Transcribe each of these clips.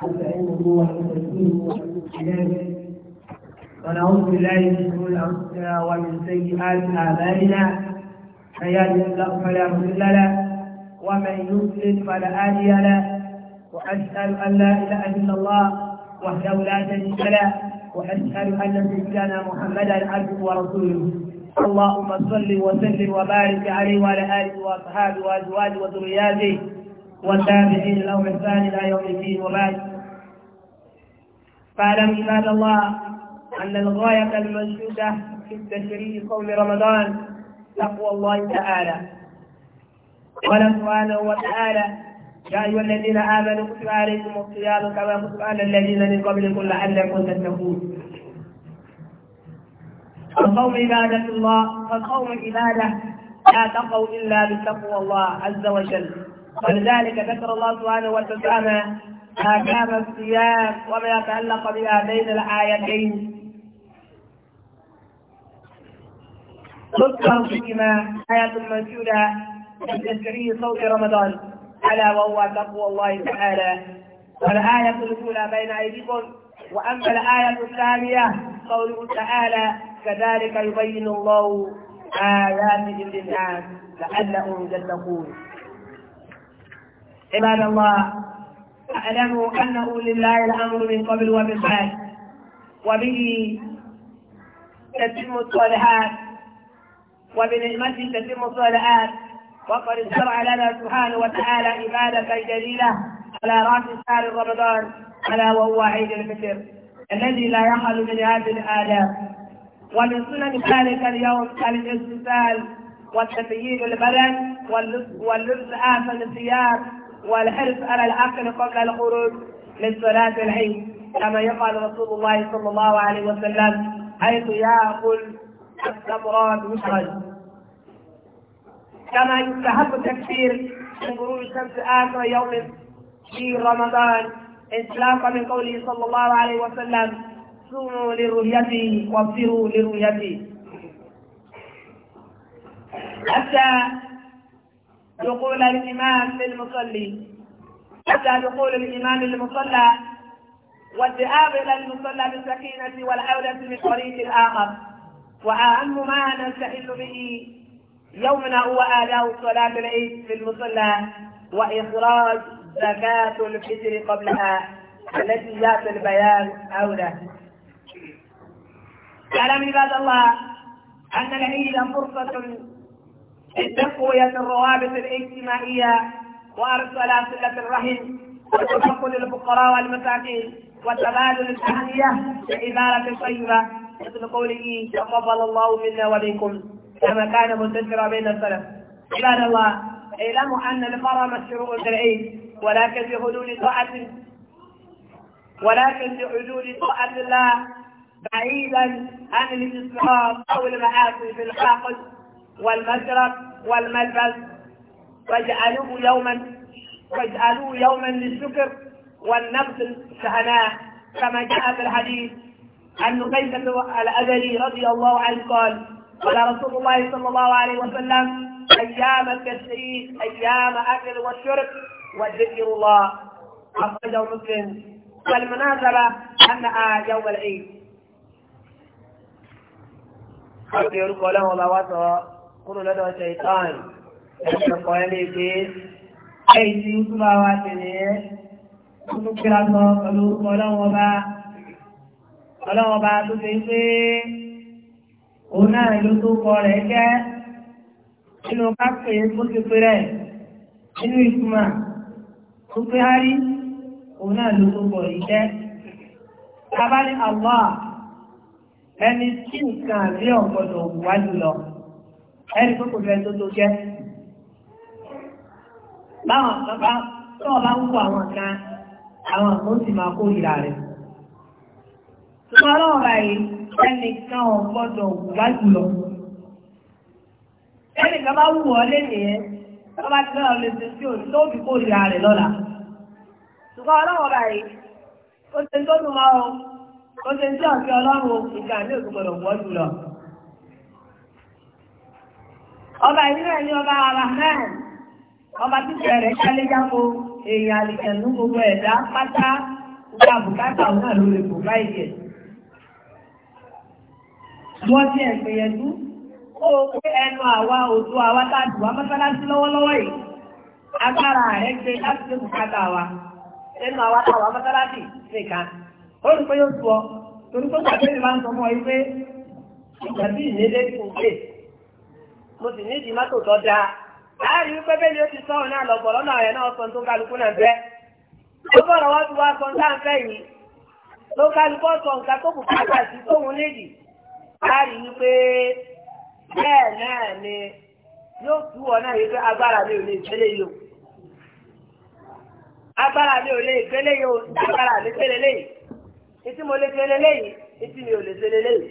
ونعوذ بالله من شرور انفسنا ومن سيئات اعمالنا من يهده الله فلا مضل له ومن يضلل فلا هادي له واشهد ان لا اله الا الله وحده لا شريك له واشهد ان سيدنا محمدا عبده ورسوله اللهم صل وسلم وبارك عليه وعلى اله واصحابه وازواجه وذرياته والتابعين لهم احسان الى يوم الدين وبعد فاعلم عباد الله أن الغاية المنشودة في التشريع صوم رمضان تقوى الله تعالى قال سبحانه وتعالى يا أيها الذين آمنوا كتب عليكم الصيام كما كتب على الذين من قبلكم لعلكم تتقون الصوم عبادة الله فالصوم عبادة لا تقوا إلا بتقوى الله عز وجل ولذلك ذكر الله سبحانه وتعالى ما كان الصيام وما يتعلق بهذين الآيتين تذكر فيما آية منشودة في تشريع صوت رمضان ألا وهو تقوى الله تعالى والآية الأولى بين أيديكم وأما الآية الثانية قوله تعالى كذلك يبين الله آياته للناس لعلهم يتقون عباد الله اعلموا انه لله الامر من قبل ومن بعد وبه تتم الصالحات وبنعمته تتم الصالحات وقد شرع لنا سبحانه وتعالى عبادة جليلة على رأس شهر رمضان ألا وهو عيد الفطر الذي لا يخل من هذه الآداب ومن سنن ذلك اليوم الاغتسال والتثييب البدن واللبس آثم الثياب والحرص على الأكل قبل الخروج صلاة العيد كما يفعل رسول الله صلى الله عليه وسلم حيث يأكل التمرات مشرج كما يستحب التكفير من غروب الشمس آخر يوم في رمضان إطلاقا من قوله صلى الله عليه وسلم صوموا لرؤيتي وابصروا لرؤيتي حتى دخول الإمام للمصلي حتى دخول الإمام للمصلى والذهاب إلى المصلى بالسكينة والعودة من طريق الآخر وأهم ما نستحل به يومنا هو آداء صلاة العيد في المصلى وإخراج زكاة الفطر قبلها التي جاء في البيان أولى اعلم عباد الله أن العيد فرصة لتقوية الروابط الاجتماعية وأرسل صلة الرحم وتفقد الفقراء والمساكين وتبادل التهنئة لعبارة طيبة مثل قوله تقبل الله منا ومنكم كما كان منتشرا بين السلف عباد الله اعلموا أن الكرم مشروع العيد ولكن بحدود طاعة ولكن بحدود طاعة الله بعيدا عن الاسراف أو المعاصي في الحاقد والمشرب والملبس واجعلوه يوما واجعلوه يوما للشكر والنفس شأناه كما جاء في الحديث عن نبيسة الأذري رضي الله عنه قال قال رسول الله صلى الله عليه وسلم أيام التشريف أيام أكل والشرب وذكر الله أخرجه مسلم فالمناسبة أنها يوم العيد. kúrò lọ́dọ̀ ọ̀tẹ̀ ìtàn ẹ̀kọ́ ẹ̀ lè gbé ẹ̀yìn tí ó túnbà wá tẹ̀lé ẹ́ tó kíra sọ pẹ̀lú ọlọ́wọ́ bá tó ṣe pé òun náà ló tó kọ rẹ̀ jẹ́ nínú kápẹ̀ bó ṣe pé rẹ̀ nínú ìtumà tó pé hárí òun náà ló tó kọ rẹ̀ jẹ́ tábálẹ̀ àwọn ẹni tí nǹkan àbí ọ̀gbọ̀dọ̀ wájú lọ ẹni tó kò fẹ́ tó tó jẹ́. Báwọn bàbá tó ọba ń kó àwọn kan, àwọn kan sì máa kó ìlà rẹ̀. Ṣùgbọ́n ọlọ́run báyìí, ẹnì kan ò gbọ́dọ̀ wá jùlọ. Ẹnì kan bá wù ọ́ lẹ́nìyẹn, tó bá ti lọ́ọ̀ lè ṣe sí òní tó fi kó ìlà rẹ̀ lọ́la. Ṣùgbọ́n ọlọ́run báyìí, ó ṣe tó ọba ìrírẹ̀ na ọba Rahman ọba títẹ̀ rẹ̀ kálé jáko èèyàn àlìkẹ̀lú gbogbo ẹ̀dá pátá ìgbà náà ti yẹn dú ó pé ẹnu àwa òtú àwa tá a dùn wá mọ́sálásí lọ́wọ́lọ́wọ́ yìí agbára rẹ̀ gbé láti bùkátà wa ẹnu àwa mọ́sálásí ó rí pé yóò torí pé ń sọ fún ọ yìí pé mo sì ní ìdí mọ́tò tó dáa láàrin wípé bẹ́ẹ̀ ni ó ti náà sọ tó kálukú náà fẹ́ ó bọ̀rọ̀ wọ́n ti wá sọ tá à yìí tó kálukú sọ nǹkan tó kù kájà sí tóun nídìí láàrin wípé bẹ́ẹ̀ náà ni yóò tú ọ náà wípé agbára mi ò lè gbélé yìí o agbára mi ò lè gbélé yìí o agbára mi gbélé léyìí etí mo lè gbélé léyìí etí mi ò lè gbélé léyìí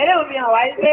eléyìí fi hàn wáyé pé.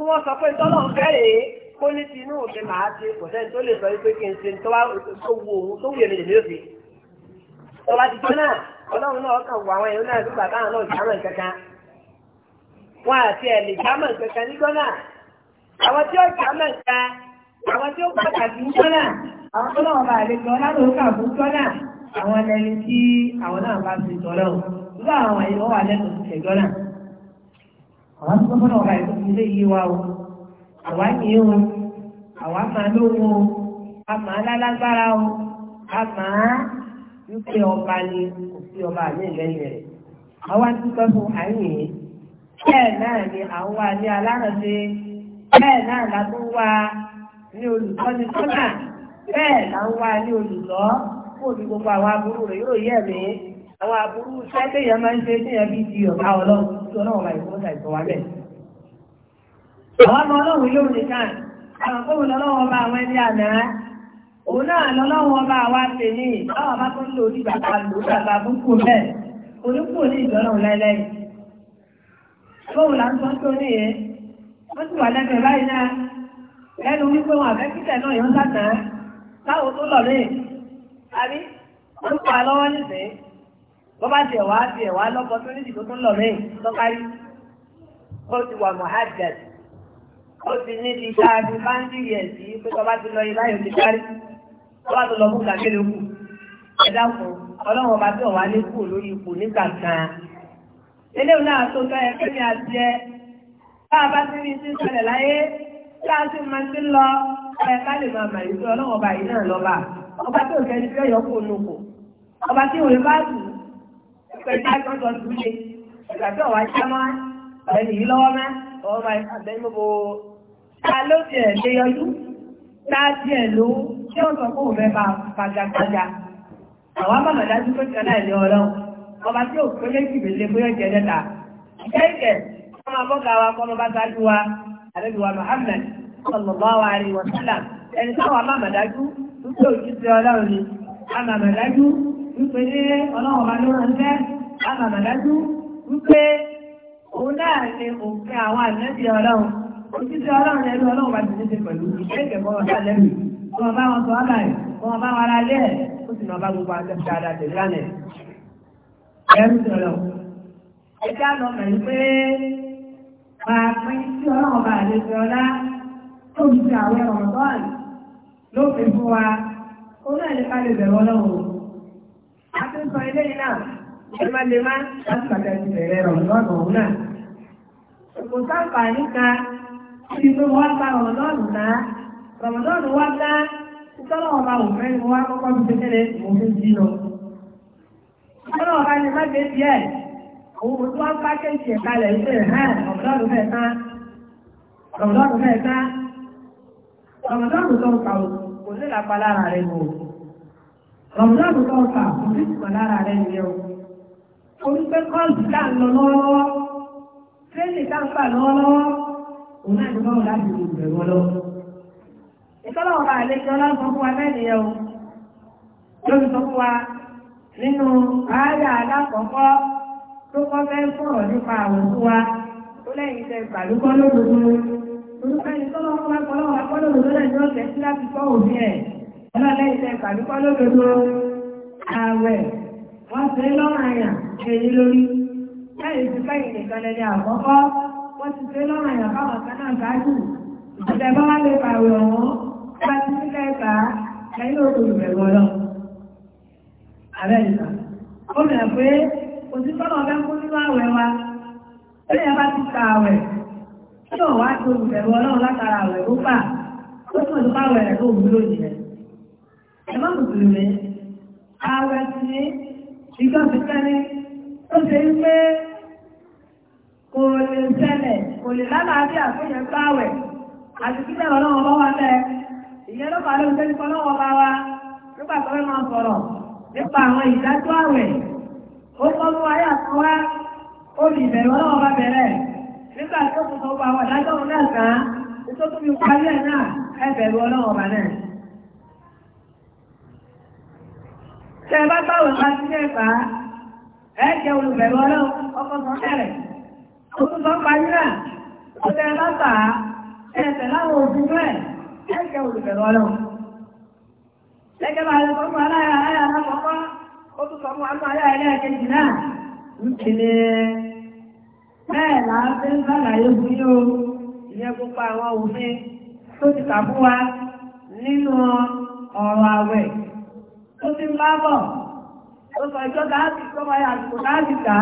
kí wọ́n sọ pé tọ́lọ̀ fẹ́rẹ̀ kó ní ti inú òfin màá ṣe kò sẹ́ni tó lè sọ pé kí n ṣe tó wá tó wo òun tó wù èmi lè lóde. ti jọ náà ọlọ́run náà kàn wọ àwọn èèyàn náà nígbà táwọn náà jámọ̀ kankan. wọn àti ẹ̀ lè jámọ̀ kankan ní gbọ́nà. àwọn tí ó jámọ̀ kan àwọn tí ó pàtàkì ní gbọ́nà àwọn tó náà bá àlejò ọlọ́run kà fún gbọ́nà àwọn ẹni tí àwọn náà bá ti tọ́lọ́ àwọn tó gbọ́dọ̀ ọ̀gá ìlú ilé yìí wa o àwa yìí o àwa máa lówó o a máa lálágbára o a máa wípé ọba ni kò sí ọba àmì ìlẹ́yìn rẹ̀ àwa ń dúpẹ́ fún àyìn bẹ́ẹ̀ náà ni à ń wá ní alárànṣe bẹ́ẹ̀ náà la tún wá ní olùtọ́ni sọ́nà bẹ́ẹ̀ là ń wá ní olùlọ́ kó ní gbogbo àwọn aburú rẹ̀ yóò yẹ̀ mí àwọn aburú sẹ́gbẹ̀yàn máa ń ṣe ní ẹbí di ọ̀gá ọlọ́run tí òun náà lọ́wọ́ bá wa ṣe ní báwa bá tó ń lò ní bàbá lò búkú bẹ́ẹ̀ olúkú ní ìjọ́ràn lẹ́lẹ́yìn. bóun là tó ní yẹn wọ́n ti wà lẹ́gbẹ̀ẹ́ báyìí náà lẹ́nu wípé wọn àfẹ́kítẹ̀ bọ́bá ti ẹ̀wà ti ẹ̀wà lọ́kọ tó ní ìdìbò tó ń lọ mẹ́yìn tọ́kárí ó ti wà mohajjad ó ti ní ti dáadé báńdìrì ẹ̀ sí pé tọ́ba ti lọ ilá ti kárí tọ́ba tó lọ mú kàkéré kù ẹ̀dá fún ọlọ́run ọba tí ọ̀wá lé kù lórí ipò nígbà kan eléyìí náà tó tọ́ ẹ pé àjẹ bá a bá ti rí sí ṣẹlẹ̀ láyé tá a sì máa ti lọ ẹ lè máa mà ìpẹ̀lú àgbọ̀ngàn tó lé ìgbà tó wà já mọ́ ẹni yìí lọ́wọ́ mẹ́ ọwọ́ máa ń sàbẹ̀ ní gbogbo ta ló ti ẹ̀ lé yọjú ta ti ẹ̀ ló tí ó sọ fún òun mẹ́fà fàjàgbàjà àwọn àbàmọ̀dá tí ó tẹ̀lé ẹ̀ ní ọlọ́run ọba tí òkú méjì mélé bóyá jẹ dẹ́ta ìkẹ́kẹ́ ọmọ abọ́gà wa kọ́ ọba sáájú wa àdébíwa Muhammad tó tó òjì sí ọlọ́run ni àbàmọ̀dájú wípé ní ọlọ́run bá ló rán fẹ́ lábàbà dájú wípé òun náà ṣe òfin àwọn àlẹ́bí ọlọ́run òṣìṣẹ́ ọlọ́run ẹ̀rú ọlọ́run bá ti ṣe pẹ̀lú ìṣẹ́gbẹ̀ mọ́ ọ̀dá lẹ́nu kí wọ́n bá wọn sọ ọ́bà yìí kí wọ́n bá wọn ara lẹ́ ẹ̀ ó sì lọ bá gbogbo àti dáadáa tẹ̀lé lánẹ̀. ẹ̀rú sọ̀rọ̀ ẹjá lọ mẹ̀lú pé máa pín sí ọlọ́run bá àlejò ọlá tó ń ṣe àwọn ọ̀rọ̀ lófin fún wa ó náà lè ká lè bẹ̀rù ọlọ́run a ti ń sọ ilé yìí náà lemálẹ́má láti pàtàkì bẹ̀rẹ̀ rọ̀lọ́nù ọ̀hún náà. Kò sáfà níka tí pé wọ́n gba rọ̀lọ́nù náà. Rọ̀lọ́nù wá dá ìtọ́lọ̀ ọba òfin ni wọ́n kọ́kọ́ fi kékeré òfin jí lọ. Ìtọ́lọ̀ ọba ni má gbé díẹ̀. Òun kò tó wá bá kéèkì ẹ̀ka rẹ̀ wípé hàn rọ̀lọ́nù fẹ́ ká. Rọ̀lọ́nù fẹ́ ká. Rọ̀lọ́nù tó ń kà kò sí làpá lára rẹ̀ mọ̀ rọ̀mùdáàbò tó kà fún ìsìnkọ̀ lára rẹ̀ nìyẹn o. orí pé kọ́ọ̀sì tá lọ lọ́wọ́lọ́wọ́ tírẹ́nì tá ń gbà lọ́wọ́lọ́wọ́ òun náà ti báwo láti lè bẹ̀rù ọ ìtọ́lọ̀ ọba àlejò ọlọ́sọ fún wa mẹ́nìyẹn o. lórí sọ fún wa nínú ààyè alákọ̀ọ́kọ́ tó kọ́ fẹ́ sọ̀rọ̀ nípa àwọn tó wa ó lẹ́yìn tẹ gbàlúkọ́ lódodo. olùkọ́ni tọ́lọ́ ọlọ́lẹ́ ìṣẹ́ ìpàdúpọ̀ lódodo ààwẹ̀ wọ́n ṣe lọ́rùn àyàn èyí lórí láì sí fẹ́yìn nìkan lẹ́ni àkọ́kọ́ wọ́n ti ṣe lọ́rùn àyàn fáwọn kan náà ṣáájú ìṣẹ̀lẹ̀ bá wá lè pàwẹ̀ ọ̀hún bá ti sílẹ̀ ẹ̀ka lẹ́yìn òkú ìbẹ̀wọ̀ lọ. Àbẹ́ ìgbà ó mẹ̀ pé òtítọ́nà ọ̀gá kú nínú àwẹ̀ wa ó lè bá ti ta àwẹ̀ tí ò wá tó ìbẹ̀wọ̀ náà látara àwẹ̀ ó gbà ó sì mọ̀ tó bá wẹ̀ rẹ̀ tó òwúlò nìyẹn ẹ̀mọ́ mùsùlùmí ààrẹ sí ìjọ fìkẹ́ni ó ṣe ń pé kò lè ṣẹlẹ̀ kò lè lálàáfíà fún yẹn gbáwẹ̀ àti kíkẹ́ ọlọ́wọ́ bá wà lẹ́ ìyẹn ló bá lóun tẹ́lifọ́ lọ́wọ́ bá wa nígbà tó fẹ́ máa sọ̀rọ̀ nípa àwọn ìdájọ́ àwẹ̀ ó kọ́ fún ayé àtúwá ó lè bẹ̀rẹ̀ ọlọ́wọ́ bá bẹ̀rẹ̀ nígbà tó kù tó bá wà lájọ́ òun náà kàn án tó fi parí ẹ̀ náà ẹ bẹ̀rù ọlọ́wọ́ bá náà. tẹ bá ti fà á ẹ jẹ olùbẹ̀rù ọlọ́run ọkọ̀ sọ ó tẹ bá fà á ẹ láwọn òfin rẹ̀ tó ti ń bá bọ̀ ó sọ ìjọ dáàbì tó máa yà kó dáàbì ká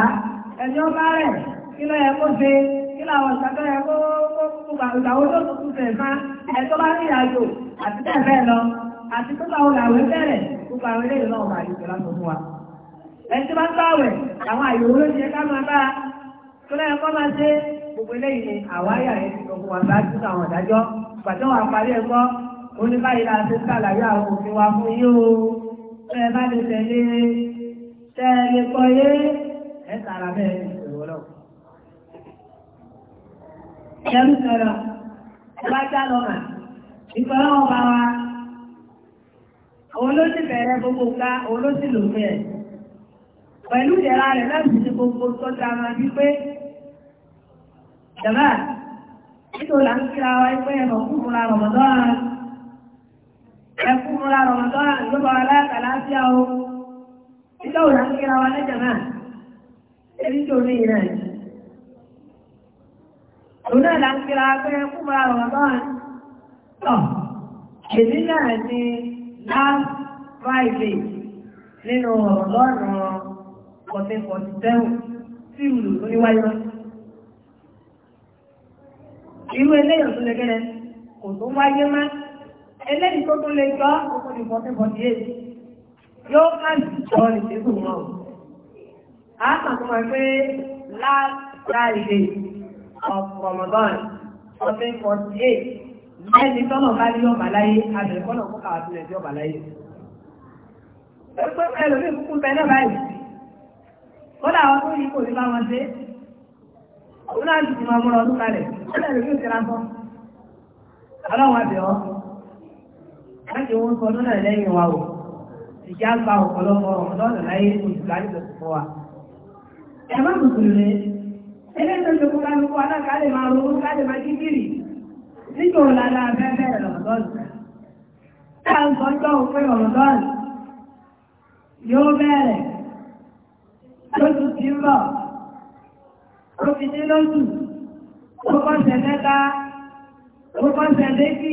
ẹjọ́ bá rẹ̀ kí ló yẹ kó ṣe kí làwọn ìṣàkó yẹ kó kó ìgbàwó tó tó kú tẹ̀ fán ẹjọ́ bá rí ìrìnàjò àti bẹ́ẹ̀ bẹ́ẹ̀ lọ àti tó bá wọn àwẹ̀ bẹ̀rẹ̀ gbogbo àwọn eléyìí náà máa yọ ìjọba tó fún wa. ẹjọ́ bá gbàwẹ̀ àwọn àyè owó ti yẹ ká máa bá gbogbo eléyìí àwáyà yẹn ti sọ fún àwọn ìdájọ́ pàtó parí ẹ̀kọ́ oníbàyí la sàlàyé àwọn òfin wa fún yín tẹ́ ẹ bá lè tẹ̀lé tẹ́ ẹ lè kọ́ yé ẹ tààrà bẹ́ẹ̀ ní ìwọ lọ. Ìyẹn sọ̀rọ̀ ẹ bá já lọ mà ìfọwọ́ bá wa òun ló sì bẹ̀rẹ̀ gbogbo ká òun ló sì lò fẹ́ ẹ̀. Pẹ̀lú ìdẹ̀ra rẹ̀ láti ṣe gbogbo tó ta máa bí pé jàmbá nítorí à ń kíra wa pé ẹ̀rọ kúkúra rọ̀mọ̀dọ́ra ẹkú múra rọmọdọ́nà lọ́bọ̀ aláàkàláfíà o títọ́ òun àti kíra wa lẹ́jọ̀ náà èyí tó ní ìrìn àjò òun náà là ń kíra pé ẹkú múra rọmọdọ́nà tọ̀ èyí náà ní last Friday nínú ọ̀rọ̀lọ́rùn fourteen forty seven tí ìlú tó níwáyé lọ. irú eléyàn tó lẹ́gẹ́rẹ́ kò tó wáyé máa ẹlẹ́yìn tó tó lè gbá ọkọ̀ ní bọ́tẹ́ bọ́tẹ́ èyí yóò káàdì sọ ní ṣẹ́kù wọn. a kàn pé last Friday of Ramadan fourteen forty eight ẹni tọ́nà bá ní ọba láyé abẹ̀rẹ̀ kọ́nà kó kàwá sílẹ̀ sí ọba láyé. pé ẹlòmíì kúkú bẹ náà báyìí kódà àwọn tó yí kò ní bá wọn dé òun náà ti máa láti owó sọ lọ́nà lẹ́yìn wa o ìjà gba ọ̀pọ̀lọpọ̀ lọ́nà láyé olùgbàlejò fún wa. ẹ má mùsùlùmí eléyìí tó kó kálukú alága lè máa ronú ká lè máa kíkiri nígbà wo lára abẹ́ bẹ̀rẹ̀ lọ́mọdọ́ọ̀lù. tá à ń sọ jọ òfin lọ́mọdọ́ọ̀lù yóò bẹ̀rẹ̀ lóṣù tí ń bọ̀ òfin ní lóṣù ó kọ́ sẹ̀ mẹ́ta ó kọ́ sẹ̀ méjì.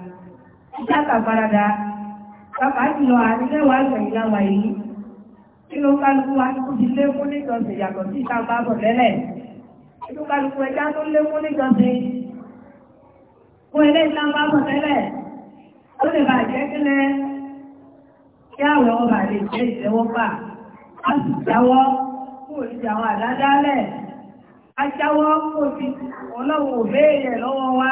ìjáka farada pàpà jùlọ àrílẹ̀wà ìgbẹ̀yìnláwà yìí kí ló kálukú wa kú ti lé fún níjọsìn yàtọ̀ sí ìta bá bọ̀ lẹ́lẹ̀ kí ló kálukú ẹja tó lé fún níjọsìn fún ilé ìta bá bọ̀ lẹ́lẹ̀ ó lè bàjẹ́ kílẹ̀ kí àwẹ̀ ọba lè jẹ́ ìtẹ́wọ́gbà a sì jáwọ́ kó o ti àwọn a jáwọ́ kó o ti ọlọ́run lọ́wọ́ wa.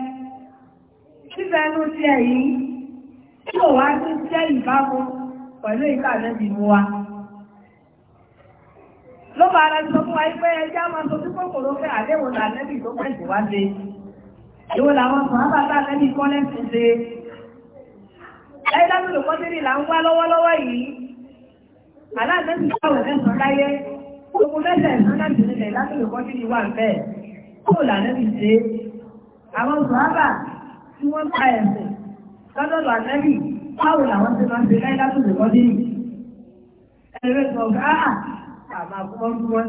Fífẹ́ ló ti ẹ̀yìn tí ò wá tó jẹ́ ìbámu pẹ̀lú ìtànẹ́bì mú wa. Ló bá ara sọ fún wa pé ẹjẹ́ a máa sojú kòkòrò fẹ́ àdéhùn tànẹ́bì tó pẹ̀ wá ṣe. Ìwò làwọn sàn án bá tànẹ́bì kọ́ lẹ́sìn ṣe. Láyé ń bẹ́ẹ̀. Kó lànẹ́bì ṣe. Àwọn sàn án tí wọ́n ta ẹ̀sẹ̀ lọ́dọ̀dọ̀ àtẹ́bì báwo làwọn ti máa ń ṣe láyé látòlè kọ́ dé yìí. ẹ̀rẹ́ sọ gáà àmà fún wọn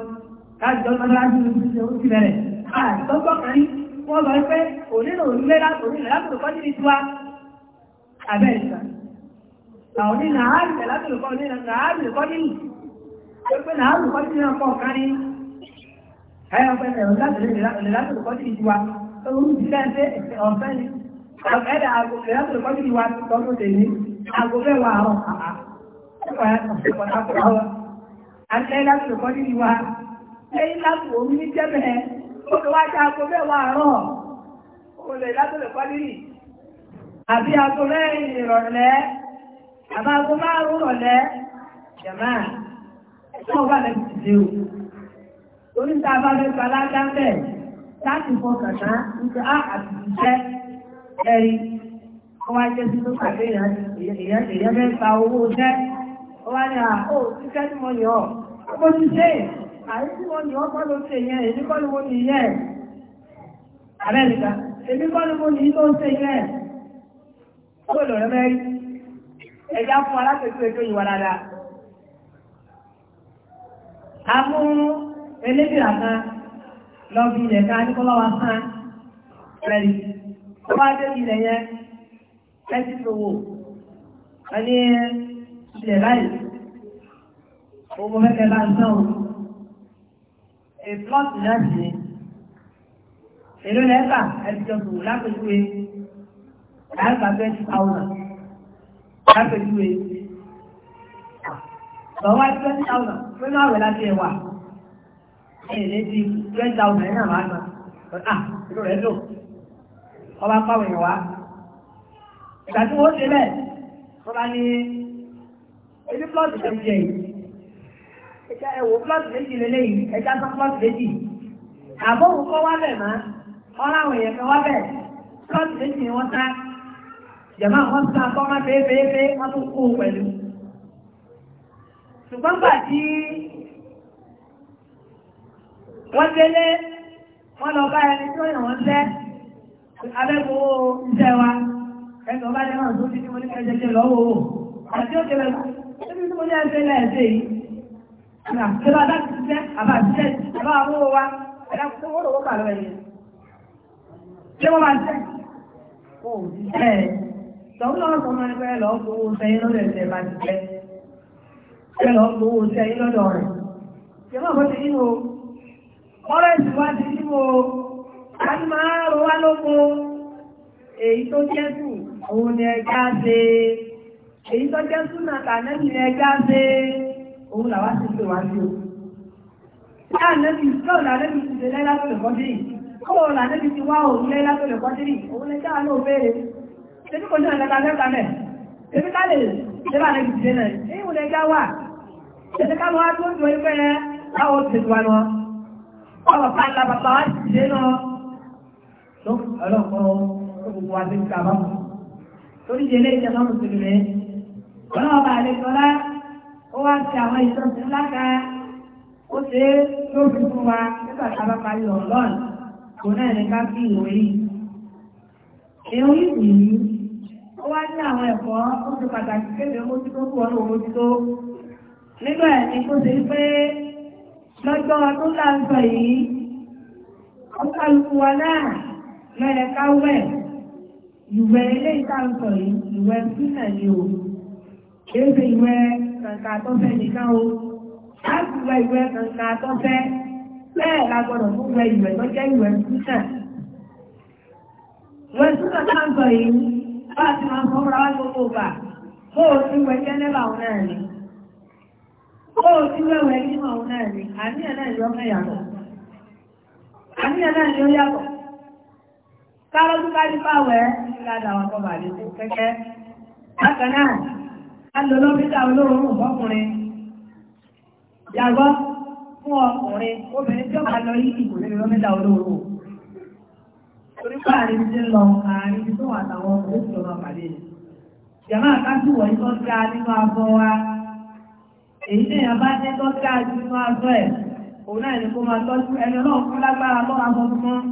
láti ọjọ́ láti ní ṣe ó ti bẹ̀rẹ̀. àtọ́gbọ́n kan ní wọ́n lọ pé ònílò onílé látòlè kọ́ níbi tiwa abẹ́ ìgbà. àwọn ní nàárì tẹ̀ látòlè kọ́ ní nàárì kọ́ níbi. ó pé nàárì kọ́ níbi náà pọ̀ kan ní. ẹ̀yọ́ pẹ̀lú ẹ̀rọ látòlè kọ́ níbi tiwa. ó ń ṣiṣẹ́ ọ̀fẹ́ ni àgbẹ̀dà àgbẹ̀dà tó kọ́ sí wa tọ́tún tèmi àgbẹ̀dà wà àrọ̀ àbá àgbẹ̀dà tó kọ́ sí wa lẹ́yìn láti omi ní jẹ́mẹ̀ ó lè wájú àgbẹ̀dà wà àrọ̀ ó lè látò lè kọ́ nírì àbí aago mẹ́rin ìrọ̀lẹ́ àbá aago márùn-ún rọ̀lẹ́ jẹ̀mọ́ ẹ̀sán wà lẹ́yìn ti dé o oníta bá fẹ́ gbalájá bẹ́ẹ̀ láti fọkàn tán nípa ah, àtìjíṣẹ́ ẹ̀rí ó jẹ́ sí tó pàdé èèyàn mẹ́ta owó iṣẹ́ ó wá àkó iṣẹ́ tí mo ní ọ́ ó ṣe àrí tí mo ní ọ́ ló ṣe yẹn èmi kọ́ ni mo ní yẹn Amẹ́ríkà èmi kọ́ ni mo ní tó ṣe yẹn ó lọ́rọ̀ mẹ́rí ẹ̀dá fún alákòókò ètò ìwà dáadáa amúrún elébìrà kan lọ ilẹ̀ ká ní kọ́lọ́wà sán rẹ̀ tó bá dé ilẹ̀ yẹn ẹtí tó wò ẹ ní ilẹ̀ láì owó mẹ́kẹ́ bá ń sàn ẹ plọ́ọ̀tì náà sì ni èló lẹ́ẹ̀kà ẹtìjọ tó wò lápẹ̀júwe láàgbà twenty thousand lápẹ̀júwe lọ́wọ́ twenty láti ẹ̀wà ẹ̀ lé di twenty thousand náà wà gbà ah ìlú rẹ̀ dùn ọba pàwọn èèyàn wá ìgbà tí wọ́n ṣe bẹ́ẹ̀ tó bá ní ebi plọ́ọ̀tì tó ń jẹ yìí ẹja ẹ̀wò plọ́ọ̀tì méjì lélẹ́yìí ẹja tó plọ́ọ̀tì méjì àbóhùn kọ́ wá bẹ̀ mọ́ ọláwọ̀ èèyàn kan wá bẹ̀ plọ́ọ̀tì méjì ni wọ́n sá jẹ̀mọ́ àwọn sá kọ́ má fẹ́ẹ́fẹ́ẹ́fẹ́ wọ́n tún kú pẹ̀lú ṣùgbọ́n gbà tí wọ́n délé wọ́n lọ bá ẹni tó yàn abẹ́gbowó iṣẹ́ wa ẹgbẹ́ ọba jẹ́ náà tó ti ní mo ní lọ́wọ́ o àti ó kẹlẹ̀ ẹbí tí mo ní yìí ṣiṣẹ́ wa owó pàlọ́ ẹ̀yẹ. ṣé wọ́n máa a ti máa rọ wá lóko èyí tó jẹ́ jù òun ni ẹja ṣe èyí tó jẹ́ súnà tànẹ́bì ni ẹja ṣe òun làwa ti ṣe wá sí o. Ṣé ànẹ́bì tó lànẹ́bì ti ṣe lẹ́lá tó lè kọ́ sí yìí? Kó lànẹ́bì ti wá òun lẹ́lá tó lè kọ́ sí yìí? Òun lè jáà náà béèrè. Ṣé bí kò ní ọ̀nà kan mẹ́ta mẹ́? Ṣébí ká lè ṣe bá ànẹ́bì ti ṣe náà? Ṣé ìwọ̀n ẹja tó ọlọ́pọ̀ gbogbo àti ìtàbá mọ̀. torí ìdílé ìjọba mùsùlùmí ọlọ́ọ̀bà àlejòlá ó wá sí àwọn ìjọsìn ńlá kan ó ṣe é lórí fún wa nígbà tá a bá parí ọ̀lọ́ọ̀nù kò náà ní ká fi ìwé yìí. èèyàn yìí wù yìí ó wá ní àwọn ẹ̀kọ́ ó ti pàtàkì kéde mójútó kú ọ̀nà òmójútó nígbà ẹ̀ ni kó ṣe pé lọ́jọ́ tó láǹtọ̀ yìí ó kálukú wa náà lọ́yẹ ká wẹ̀ ìwẹ̀ ilé ìtàǹkọ̀ yìí ìwẹ̀ súnà ni o kéèké ìwẹ̀ kàǹkà tọ́fẹ́ nìkan o láti wẹ̀ ìwẹ̀ kàǹkà tọ́fẹ́ bẹ́ẹ̀ la gbọ́dọ̀ fún wẹ̀ ìwẹ̀ tó jẹ́ ìwẹ̀ súnà ìwẹ̀ súnà tàǹkọ̀ yìí bá ti máa fọ́ra wá gbogbo gbà bó o ti wẹ̀ jẹ́ nẹ́bà òun náà ni bó o ti wẹ̀wẹ̀ nínú òun náà ni àníyàn náà yọ mẹ́yàtọ̀ àníyàn náà yọ yàtọ̀ káwọ́dú bá ní fáwẹ̀ ìlànà àwọn ọmọ àlè tó kẹ́kẹ́ bákan náà a lò lóbítà olóòórùn fọkùnrin yàgbọ́ fún ọkùnrin obìnrin tí ó bá lọ yìí kò lè lóbítà olóòórùn torí pé àárín ti ń lọ àárín tó wà táwọn ọkùnrin tó lọ pàdé jàmá àkájúwọ̀ yìí tó ga nínú abọ́ wa èyí tí èèyàn bá ní tó ga nínú abọ́ ẹ̀ òun náà ní kó máa tọ́jú ẹni ọlọ́run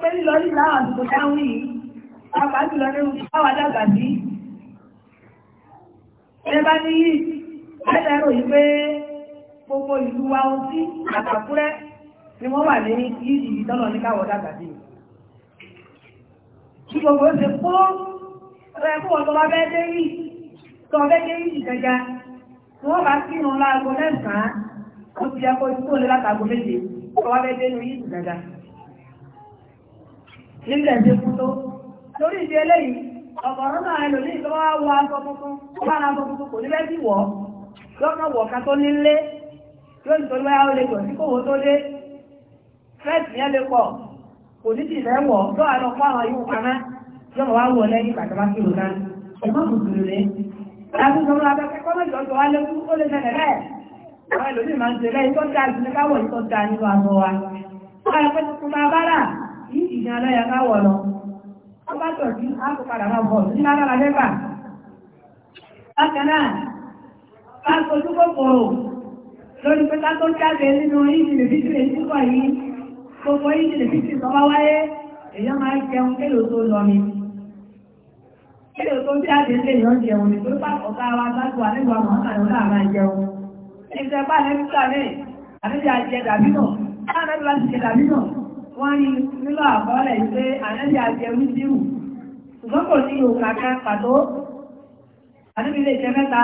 pé lílọ lílọ àwọn àsìkò dáhùn yìí pàápàá jùlọ nínú báwa dàgbà sí. ẹ bá ní yìí ẹ̀ẹ́dẹ̀ rò yìí pé gbogbo ìlú wa ó sí àtàkùrẹ́ ni wọ́n wà ní yìí ìdánwò ní káwọ̀ dàgbà sí. kí gbogbo ó ṣe kó ẹ fún ọ̀dọ́ wa bẹ́ẹ̀ dé yìí tó ọbẹ̀ dé yìí gẹ́gẹ́ tí wọ́n bá sí ìrànlá aago mẹ́sàn-án ó ti yẹ kó nílẹ̀ ṣe fún tó lórí ìdí eléyìí ọ̀pọ̀rọ̀ náà ẹlòmí ìtọ́wà wọ aṣọ tuntun lára aṣọ tuntun kò níbẹ̀ sí wọ̀ lọ́kàn wọ̀ tó nílé yóò nítorí wáyá jọ sí kòwó tó dé fẹ́ẹ̀sì yẹn lè pọ̀ kò ní sì fẹ́ wọ̀ lọ́wọ́ fún àwọn yóò kaná yóò wá wọ̀ lẹ́yìn ìgbàjọba sí òun náà ẹ̀mọ́ rẹ̀ láti sọ wọn máa ń ṣe lẹ́yìn tó dáa ju ní káwọ̀ yìí tó dáa nínú aṣọ wa. wọ́n á yẹ pé tuntun máa bá rà ìṣẹ́ aláya káwọ̀ lọ. Wọ́n bá tọ̀ sí àkópadà máa bọ̀ sí lára lẹ́gbà. Bákan náà, sojú kòkòrò lórí pé jáde nínú ìjìnlè fífìlè síkọ̀ yìí, gbogbo ìjìnlè fífìlè tó bá wáyé, èèyàn máa jẹun kéèlò tó lọ ni. tó jáde lè jẹun ni, tó bá wọ́n rí àbọ́lẹ̀ pé ànábì àjẹrú dírù ṣùgbọ́n kò sí òkà kan pàtó lè jẹ mẹ́ta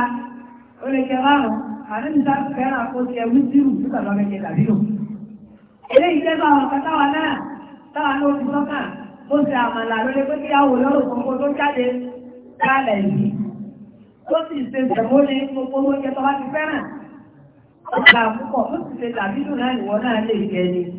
ó lè jẹ márùn-ún ànábì sá fẹ́ràn kó jẹ wú dírù nígbà tàbí lò. bá táwa náà táwa ó àmàlà lórí pé lọ́rùn tó jáde kálẹ̀ yìí sì ṣe ní gbogbo tó ti fẹ́ràn.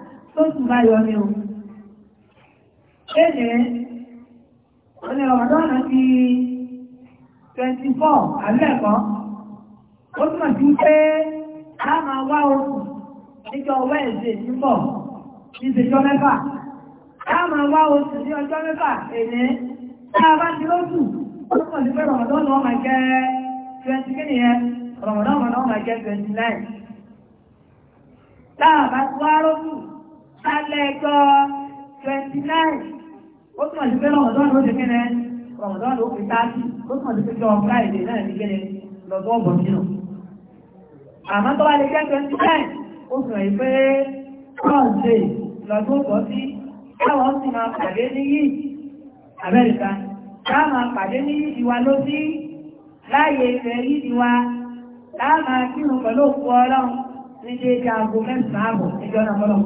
tó tún bá yọ ní o. Kéde, ó ní ọ̀dọ́ ọ̀nà ti 24 àbí ẹ̀kọ́. Ó túnmọ̀ sí pé a máa wá oṣù níjọ Wẹ́ẹ̀sì níbọ̀ ní ìṣèjọ́ mẹ́fà. A máa wá oṣù ní ọjọ́ mẹ́fà èlé. Tá a bá ti lóṣù, ó túnmọ̀ sí pé Rọ̀mọ̀dọ́ ni wọ́n máa jẹ́ 20 kí nìyẹn. Rọ̀mọ̀dọ́ a bá ti alẹ́gọ́ 29 ó túnmọ̀ sí pé rọmọdọ́nù ó ti kí ni rọmọdọ́nù ó fi táàkì ó túnmọ̀ sí pé jọ fúláìdè náà ní kí ni lọ́dọ́ ọ̀bọ̀ nínú àmọ́ tó bá lè jẹ́ 29 ó sọ yìí pé kọ́ọ̀dé lọ́dún ọ̀bọ̀ sí káwọn sì máa pàdé ní yìí Amẹ́ríkà káà máa pàdé ní yìí ìwà ló sí láàyè ilẹ̀ yìí ìwà láà máa kírun pẹ̀lú òkú ọlọ́run ní déédéé aago mẹ́sàn-án àbọ̀ níjọ́ náà mọ́lọ́mú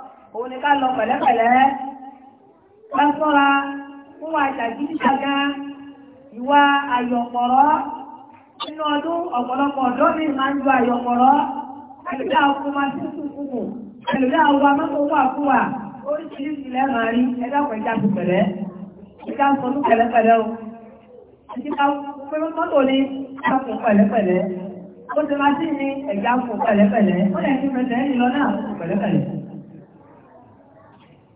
òun ni ká lọ pẹ̀lẹ́pẹ̀lẹ́ ká sọ́ra fún àjàgídíjàgá ìwà àyọ̀pọ̀rọ̀ nínú ọdún ọ̀pọ̀lọpọ̀ ọ̀dọ́ mi máa ń ju àyọ̀pọ̀rọ̀ ẹlòmí àwọn máa ti sùn fún un ẹlòmí àwọn amọ́tò wà fún wa oríṣiríṣi lẹ́màá rí ẹgbẹ́ ìjà tó pẹ̀lẹ́ ìjà ń sọdún pẹ̀lẹ́pẹ̀lẹ́ o ìjìká pé mọ́tò ní ìjà fún pẹ̀lẹ́pẹ̀lẹ́ ó ti máa sí ní ẹ̀já fún pẹ̀lẹ́pẹ̀lẹ́ ó lẹ́yìn tí mẹ́tẹ̀ẹ́ ní lọ náà fún pẹ̀lẹ́pẹ̀lẹ́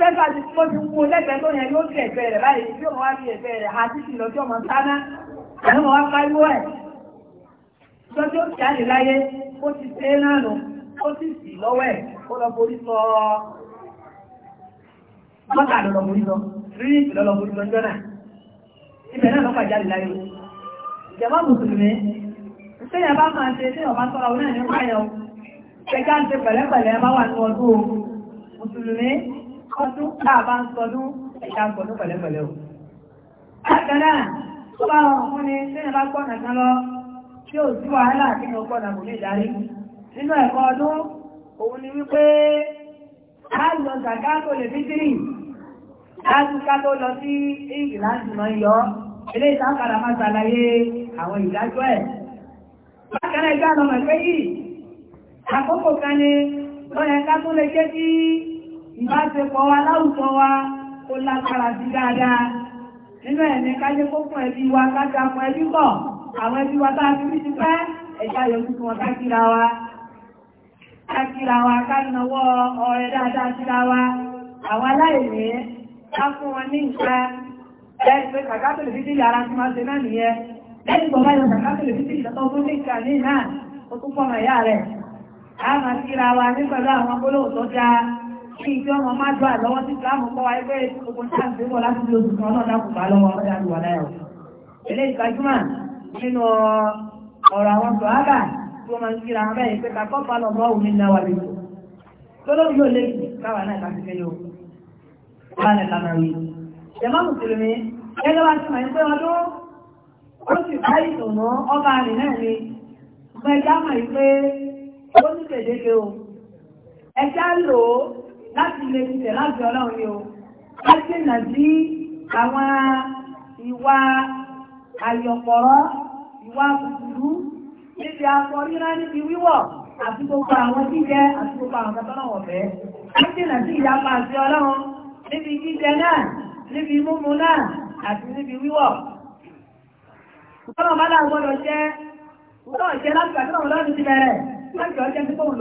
Lẹ́gbàá ti tó ti wo lẹ́gbẹ̀ẹ́ tó yẹn yóò ti ẹ̀fẹ́ rẹ̀ báyìí tí òun wá fi ẹ̀fẹ́ rẹ̀ àti ìlọ tí ọmọ sáná, àwọn ọmọ wá pariwo ẹ̀. Lọ́jọ́ tí a lè láyé, ó ti ṣe é náà nù, ó sì sì lọ́wọ́ ẹ̀, ó lọ borí sọ mọ́ta lọ lọ́mọ orílọ rí ìpìlẹ̀ lọ́mọ orílọ jọ́nà ibẹ̀ náà lọ́pàá jáde láyé ìjọba mùsùlùmí ìṣẹ́yà bá máa ṣe tí ọba sọ́ra oní ẹ̀yìn wáyọ̀ ẹjá ń ṣe pẹ̀lẹ́pẹ̀lẹ́ bá wà ní ọdún mùsùlùmí ọdún tá a bá ń sọdún ẹ̀ka ń sọdún pẹ̀lẹ́pẹ̀lẹ́ o. Bákan náà, tó bá wọn fún ni sínú bá gbọ́nà kan lọ, tí ò sí wàhálà kí ni ó gbọ́nà kò ní ìdarí. Nínú ẹ̀kọ́ ọdún, òun ni wípé a lọ Zakato lè fi tírì. Láti ká tó lọ sí England náà yọ, ilé ìtàkàrà máa ṣàlàyé àwọn ìdájọ́ ẹ̀. Bákan náà, ìgbà lọ́mọ̀ yìí, àkókò kan ni lọ́yẹ̀ká tó lè jẹ́ sí ìbáṣepọ̀ wa láwùjọ wa ó lágbára sí dáadáa nínú ẹ̀mí káyé kókún ẹbí wa kájà mọ ẹbí pọ̀ àwọn ẹbí wa tá a fi ti pẹ́ ẹ̀já yọjú fún wọn kákìlá wa kákìlá wa káyìnàwọ́ ọ̀rẹ́ dáadáa síra wa àwọn aláìní ká fún wọn ní nǹkan lẹ́yìn pé kàkátòlè títí yàrá tí máa ṣe náà nìyẹn lẹ́yìn pọ̀ báyọ̀ kàkátòlè títí ìṣẹ́tọ́ fún ní ìkà ní náà ó tún pọ̀ mọ̀ ìyá rẹ̀ á máa kíra wa ní pẹ̀lú àwọn gbólóhùn tó kí ìjọ ọmọ má gbà lọ́wọ́ sí ìsìláàmù kọ́ wáyé pé ogun tá à ń gbé bọ̀ láti lóṣù kan náà dákùn bá lọ́wọ́ ọmọdé àdúgbò náà yọ. ilé ìgbàjúmọ̀ nínú ọ̀rọ̀ àwọn sọ̀hábà tí wọ́n máa ń kíra wọn bẹ́ẹ̀ pé kakọ́ bá lọ bọ́ òun nínú àwọn àlejò. tọ́lọ́ yóò lé káwa náà ká fi fẹ́ yóò wá ní ká máa wí. jẹ̀mọ́ mùsùlùmí gẹ́gẹ́ bá ti mọ̀ pé ọdún ó sì bá ìtùnú ọba rẹ̀ náà ni mo ẹja mọ̀ pé ó ní gbèdéke o ẹja lò ó láti lè ti tẹ̀ láti ọlọ́run yìí o ká jìnà sí àwọn ìwà àyọ̀pọ̀rọ̀ ìwà búburú níbi akọ rírá níbi wíwọ̀ àti gbogbo àwọn jíjẹ àti gbogbo àwọn ọ̀tọ́lọ́wọ̀ fẹ́ ká jìnà sí ìyapa àti ọlọ́run níbi jíjẹ náà níbi múmu náà àti níbi wíwọ̀ Ìtọ́nà bá láwọn gbọ́dọ̀ jẹ́, ìtọ́nà jẹ́ láti àtọ́nà lọ́dún ti bẹ̀rẹ̀ láti òun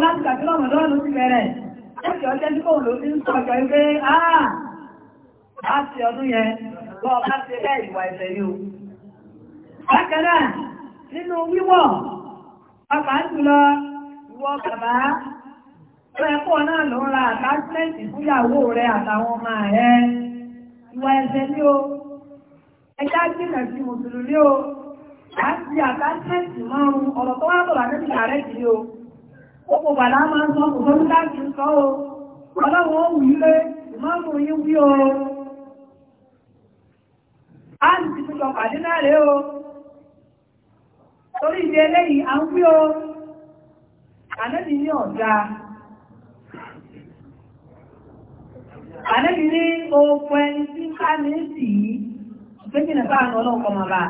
láti gbàgbé ọ̀mọ̀lọ́nù ti bẹ̀rẹ̀. Láti ọjọ́ tí kò lójú ń sọ̀jọ́ wípé áà láti ọdún yẹn lọ bá ṣe ìwà ẹ̀fẹ̀ ni o. Bákan nínú wíwọ̀, ọkà ń jùlọ ìwọ bàbá tó ẹ̀kọ́ ẹjá jìnà sí mùsùlùmí o láti àtàkẹ́sì márùn ọ̀rọ̀ tó wá bọ̀rọ̀ àti ààrẹ jì o ọkọ̀ bàdá máa ń sọ kò tó ń sọ o ọlọ́wọ́ wùlé ìmọ́mù yín wí o a ń ti sọ pàdé náà rẹ o torí ìdí eléyìí à ń wí o àlẹ́bí ní ọ̀gá àlẹ́bí ní ogun ẹni tí ká ní sí yìí kéjìnà sáànù ọlọ́ọ̀kọ́ máa bá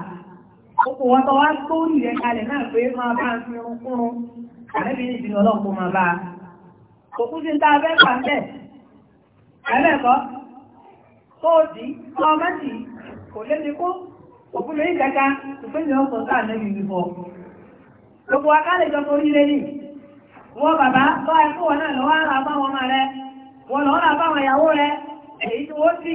òkú wọn tó wá tó ìrẹ kalẹ̀ náà pé máa bá ń fi irun àbẹ́bí ìdìnnà ọlọ́ọ̀kọ́ máa bá òkú sí ń abẹ́ pà ń ẹlẹ́kọ́ kóòtì ọmọ́tì kò lé ní kó òkú lórí kẹta ìpínlẹ̀ ọkọ̀ sáà lẹ́yìn ìfọ̀ gbogbo akálẹ̀ jọ torí lẹ́yìn wọ́n bàbá bá ẹkú wọn náà lọ́wọ́ ara ọmọ rẹ wọn lọ́wọ́ ara ìyàwó rẹ èyí tí wọ́n sì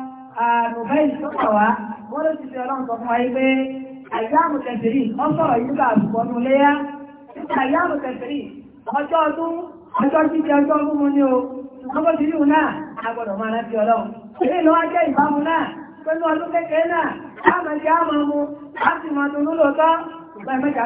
àmùbá ìṣọ́kà wá wọ́n ló ti fi ọlọ́run sọ fún wa pé àyáàmù kẹfìrí wọ́n sọ̀rọ̀ yìí bá àbùkọ́ nu léyá nípa àyáàmù kẹfìrí ọjọ́ ọdún ọjọ́ jíjẹ ọjọ́ ọdún mu ni o ṣùgbọ́n bó ti rí òun náà a gbọ́dọ̀ máa rántí ọlọ́run èyí ló wá jẹ́ ìbámu náà pẹ̀lú ọdún kékeré náà láàmà jẹ́ àmọ́ mu láti máa dunú lóòótọ́ ìgbà ìmẹ́jà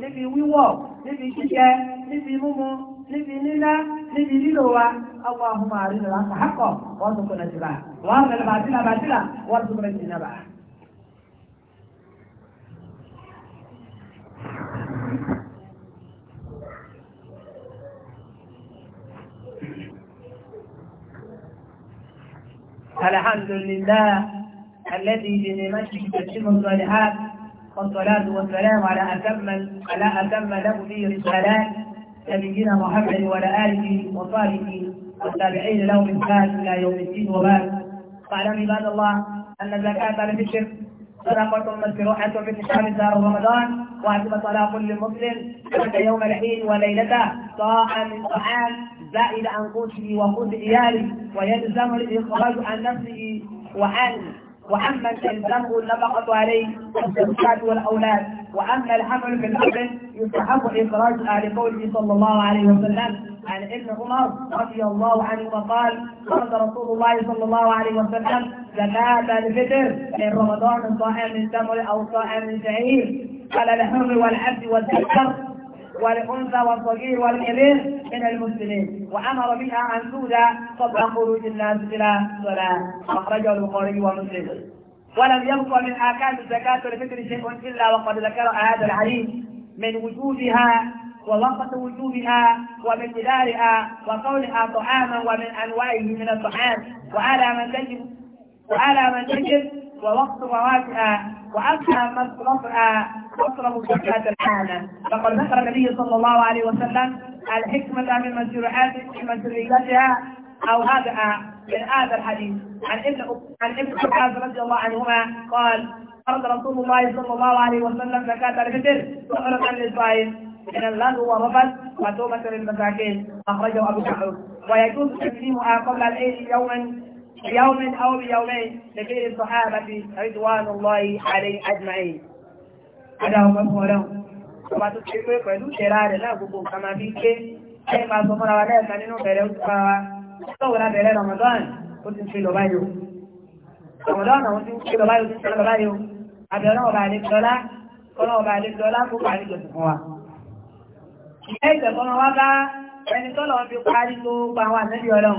níbi wíwọ̀ níbi jíjẹ níbi mímu níbi nílá níbi lílo wa àwọn ahùnmọ̀ àrínà láti hákọ̀ wọ́n tó kọ̀nà jìlá wọ́n mẹ́lẹ̀ bàtílà bàtílà wọ́n tó kọ̀nà jìlá bàá. الحمد لله الذي بنعمته تتم الصالحات والصلاة والسلام على أتم على أتم في رسالات نبينا محمد وعلى آله وصحبه والتابعين لهم إحسان إلى يوم الدين وبعد فاعلم عباد الله أن الزكاة للفطر صدقة مسروحة في شهر شهر رمضان واجب صلاة كل مسلم حتى يوم الحين وليلته طاعة من طعام زائد عن قوته وقوت عياله ويلزم الإخراج عن نفسه وعن وأما الإنسان والنفقه عليه الزوجات والأولاد وأما الحمل قبل يستحق إخراج أهل قوله صلى الله عليه وسلم عن ابن عمر رضي الله عنه قال قال رسول الله صلى الله عليه وسلم زكاة الفطر من رمضان صائم من تمر أو صائم من شعير قال الحر والعبد والذكر والأنثى والصغير والكبير من المسلمين وأمر بها أن تودى قبل خروج الناس إلى الصلاة أخرجه البخاري ومسلم ولم يبق من آكاد الزكاة والفكر شيء إلا وقد ذكر هذا الحديث من وجودها ووقت ومن ومقدارها وقولها طعاما ومن انواعه من الطعام وعلى من تجب وعلى من تجب ووقت مواتها وأبنى من رفع تطلب زكاة الحالة فقد ذكر النبي صلى الله عليه وسلم الحكمة من مشروعات في مشروعيتها أو هذا من هذا الحديث عن ابن عن ابن عباس رضي الله عنهما قال فرض رسول الله صلى الله عليه وسلم زكاة الفطر وفرضا للصائم من اللغو ورفض وتوبة للمساكين أخرجه أبو سعود ويجوز تسليمها قبل العيد يوما بيوم أو بيومين لغير الصحابة رضوان الله عليه أجمعين هذا هو مفهوم ọba tó ṣe pé pẹ̀lú ìṣẹ̀ra rẹ̀ náà gbogbo nǹkan máa fi ń ké ṣe máa sọ mọ́ra wa lẹ́ẹ̀kan nínú bẹ̀rẹ̀ oṣù pa wa lọ́wọ́ la bẹ̀rẹ̀ Ramadan ó ti ń ṣe lọ báyìí o Ramadan àwọn ti ń ṣe lọ báyìí o ti ń ṣe lọ báyìí o àbẹ̀rẹ̀ ọba àlejòọlá kọ́nà ọba àlejòọlá kó parí jọ fún wa. ìyá ìṣẹ̀kọ́nà wa bá ẹni tọ́lọ́ fi parí tó pa àwọn àtẹ́bí ọlọ́run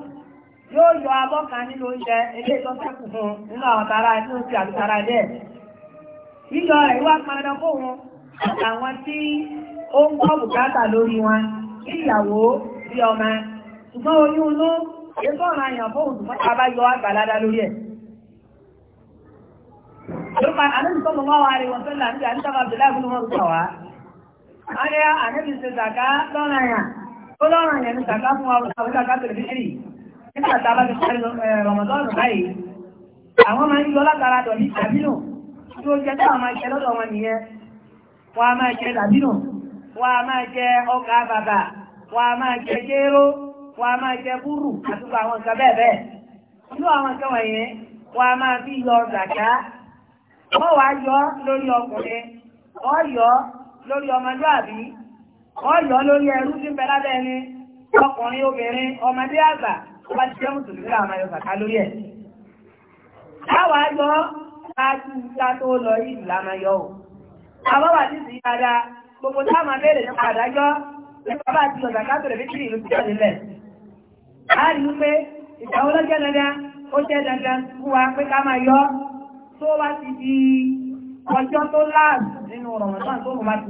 yóò yọ abọ́ kan nínú oúnjẹ ilé ìtọ́sẹ́kù fún nínú àwọn tara ẹni oṣù àlùtara ẹ̀dẹ́ yíyọ rẹ̀ wá padà fóun àtàwọn tí ó ń gbọ́ bùkátà lórí wọn bí ìyàwó bí ọmọ ṣùgbọ́n oyún ọ̀ràn àyàn fóun bá yọ àgbàládá lórí ẹ̀. tó mọ̀ wá rí wọn sọ́lá níbi wọn nígbà tá a bá ti parí rọmọdọ́ọ̀nù báyìí àwọn máa ń lọ látara dọ̀ ní tí ó jẹ́ táwọn máa jẹ lọ́dọ̀ wọn nìyẹn wọ́n a máa jẹ wọ́n a máa jẹ ọkà bàbà wọ́n a máa jẹ wọ́n a máa jẹ búrú àtúkọ̀ àwọn nǹkan bẹ́ẹ̀ bẹ́ẹ̀ inú àwọn nǹkan wọ́n a máa fi yọ wọ́n wá yọ lórí ọkùnrin yọ lórí yọ lórí ẹrú tó bá ti jẹ́ mùsùlùmí láwọn gbogbo tá a máa béèrè nípa àdájọ́ nípa bá ti yọ sàká tó lè ìlú ti jọ nílẹ̀. A rí wípé ìgbàwó lọ́jọ́ dandan ó jẹ́ dandan fún wa pé ká máa yọ tó wá ti di ọjọ́ tó láàbù nínú ọ̀rọ̀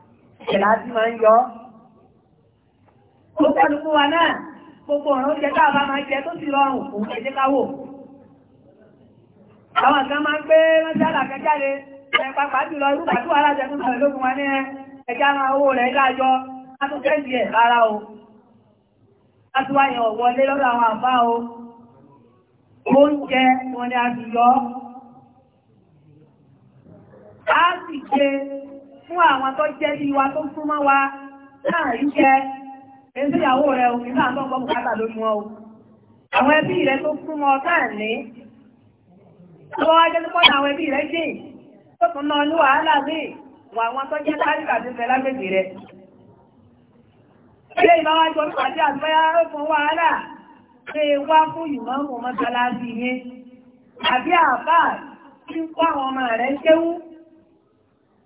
ìṣẹ̀lá tí máa ń yọ. Ó pẹ̀lú fún wa náà, gbogbo ọ̀rọ̀ oúnjẹ tá a bá máa jẹ tó sì rọrùn òun ẹ̀jẹ̀ ká wò. Àwọn kan máa ń gbé ránṣẹ́ àlàkẹ́ jáde, ẹ̀ pàpà jùlọ irú pàtó alájẹ tó sọ̀rọ̀ lógun wa fún àwọn tó jẹ́ bí wa tó súnmọ́ wa láàrin jẹ́ ẹgbẹ́ ìyàwó rẹ̀ òun nígbà tó ń gbọ́ wọn o àwọn ẹbí rẹ̀ tó súnmọ́ káàní lọ́wọ́ wájú tó pọ́n àwọn ẹbí rẹ̀ jìn tó tún náà ní wàhálà sí wà àwọn tó jẹ́ káríkà tó fẹ́ lágbègbè rẹ̀ ilé ìbáwájú ọdún àti àgbáyá ó fún wàhálà pé wá fún ìmọ̀ọ́mù mọ́tálásí yẹn àbí àbá tí ń kọ́ àwọn ọmọ rẹ̀ kéwú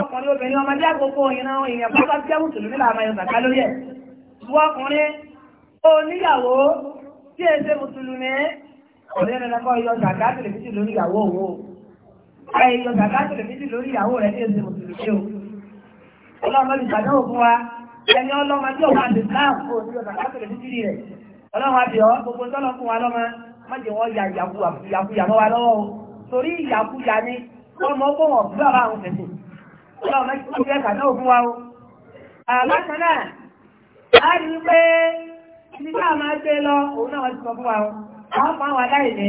ọkùnrin obìnrin ọmọdé àgbogbo ìran èèyàn bá jẹ́ mùsùlùmí làmà yóò zàká lórí ẹ̀ wọ́n ọkùnrin ó níyàwó tí è ṣe mùsùlùmí ọ̀rẹ́ rẹ̀ lọ́kọ́ yọ zàká tẹlifíṣì lórí ìyàwó òwò ẹ̀ yọ zàká tẹlifíṣì lórí ìyàwó rẹ̀ tí è ṣe mùsùlùmí o ọlọ́mọ ìgbàdánwò fún wa ẹni ọlọ́mọ tí òun àti islam kò ní zàká tẹlifíṣì wọ́n ya ìyàkuyà àwọn fẹ̀sìn ọlọ́run mẹ́tí tó jẹ́ ìgbàná ògún wa o àlọ́kan náà a rí i pé ibi tá a máa gbé lọ òun náà wọ́n ti sọ o àwọn fún àwọn aláìní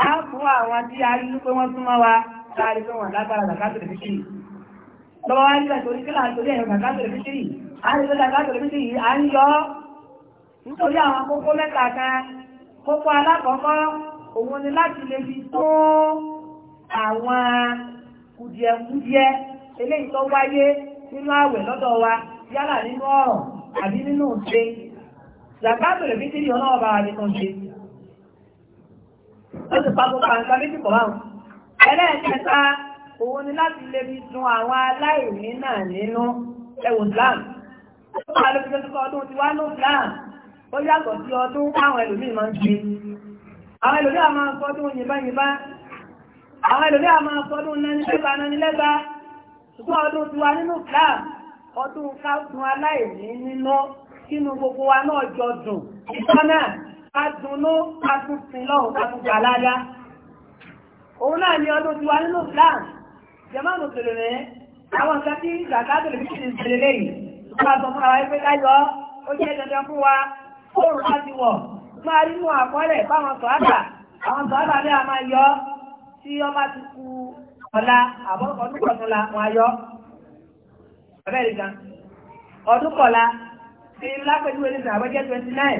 a fún àwọn tí a rí pé wọ́n súnmọ́ wa tá a rí pé wọ́n lágbára làkàtúrẹ̀ fi kiri lọ́wọ́ wá nígbà torí kí a rí eléyìí tó wáyé nínú àwẹ̀ lọ́dọ̀ wa yálà nínú ọ̀rọ̀ àbí nínú ṣe làbábẹ̀rẹ̀ bí tíri ọlọ́wọ́ bá rí kan ṣe ó sì pa gbogbo méjì pọ̀ báwọn ẹlẹ́ẹ̀kẹta òun ni láti lè fi sun àwọn aláìní náà nínú ẹwùn Islam ó yàtọ̀ sí ọdún àwọn ẹlòmíì máa ń ṣe àwọn ẹlòmíì máa ń sọdún yìnbá yìnbá àwọn ẹlòmíì máa ń sọdún náà ní lẹ́gbàá náà ní lẹ́gbàá ṣùgbọ́n ọdún tiwa nínú Islam ọdún ká dun aláìní nínú kínú gbogbo wa náà jọ dùn ìtọ́nà ká dunnú ká tún sin lọ́hùn ká tún gbà láyá òun náà ni ọdún tiwa nínú Islam jẹ́mọ́nù tèrè rẹ̀ àwọn nǹkan tí ìgbàgbọ́ tèrè fi ti tèrè lẹ́yìn ṣùgbọ́n àtọ̀ fún àwọn ẹgbẹ́ láyọ̀ ó jẹ́ dandan fún ọ̀la àbọ̀ ọdún kọ̀ọ̀túnla wọn ayọ́ abẹ́rẹ́ gan ọdún kọ̀ọ̀la ti lápẹ́júwe ní sàn àbọ̀jẹ́ twenty nine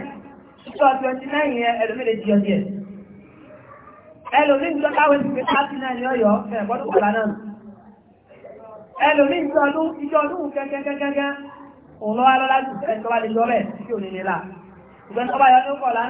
sọ twenty nine yẹn ẹlòmílẹ̀ di ọdí ẹ̀ ẹlòmíì tó káwé sí pé thirty nine ní ọyọ ẹ̀kọ́dún kọ̀ọ̀la náà ẹlòmíì tó ọdún ìjọ ọdún kẹ́kẹ́kẹ́kẹ́ òun lọ́wọ́ lọ́la jù ẹ̀kọ́ wa lè lọ bẹ́ẹ̀ tí ò ní nílà ìgbẹ́ tó bá yọ ọdún kọ̀ọ̀la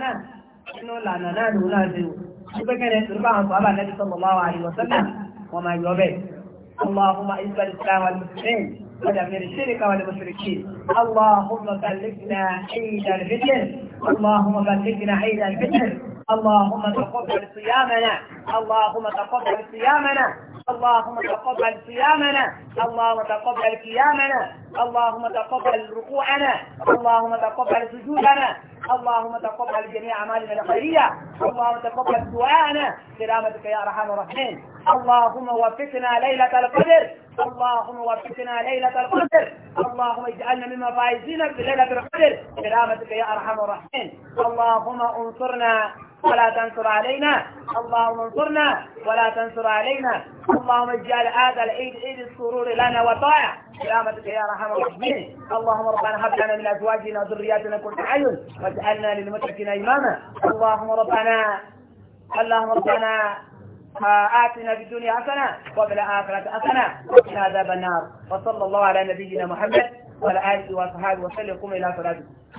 náà ọkọ̀ النبي صلى الله عليه وسلم وما يوبيه اللهم إذب الإسلام والمسلمين والمشركين اللهم بلغنا عيد الفجر اللهم بلغنا عيد الفجر اللهم تقبل صيامنا اللهم تقبل صيامنا اللهم تقبل صيامنا اللهم تقبل قيامنا اللهم تقبل ركوعنا اللهم تقبل سجودنا اللهم تقبل جميع اعمالنا الخيريه اللهم تقبل دعاءنا سلامتك يا ارحم الراحمين اللهم وفقنا ليله القدر اللهم وفقنا ليله القدر اللهم اجعلنا مما فائزين في ليله القدر سلامتك يا ارحم الراحمين اللهم انصرنا ولا تنصر علينا اللهم انصرنا ولا تنصر علينا اللهم اجعل هذا العيد عيد السرور لنا وطاعه سلامتك يا ارحم أرحم الراحمين اللهم ربنا هب لنا من أزواجنا وذرياتنا كل عين واجعلنا للمتقين إماما اللهم ربنا اللهم ربنا آه، آتنا في الدنيا حسنة وفي الآخرة حسنة وقنا عذاب النار وصلى الله على نبينا محمد وعلى آله وصحبه وسلم قم إلى صلاتكم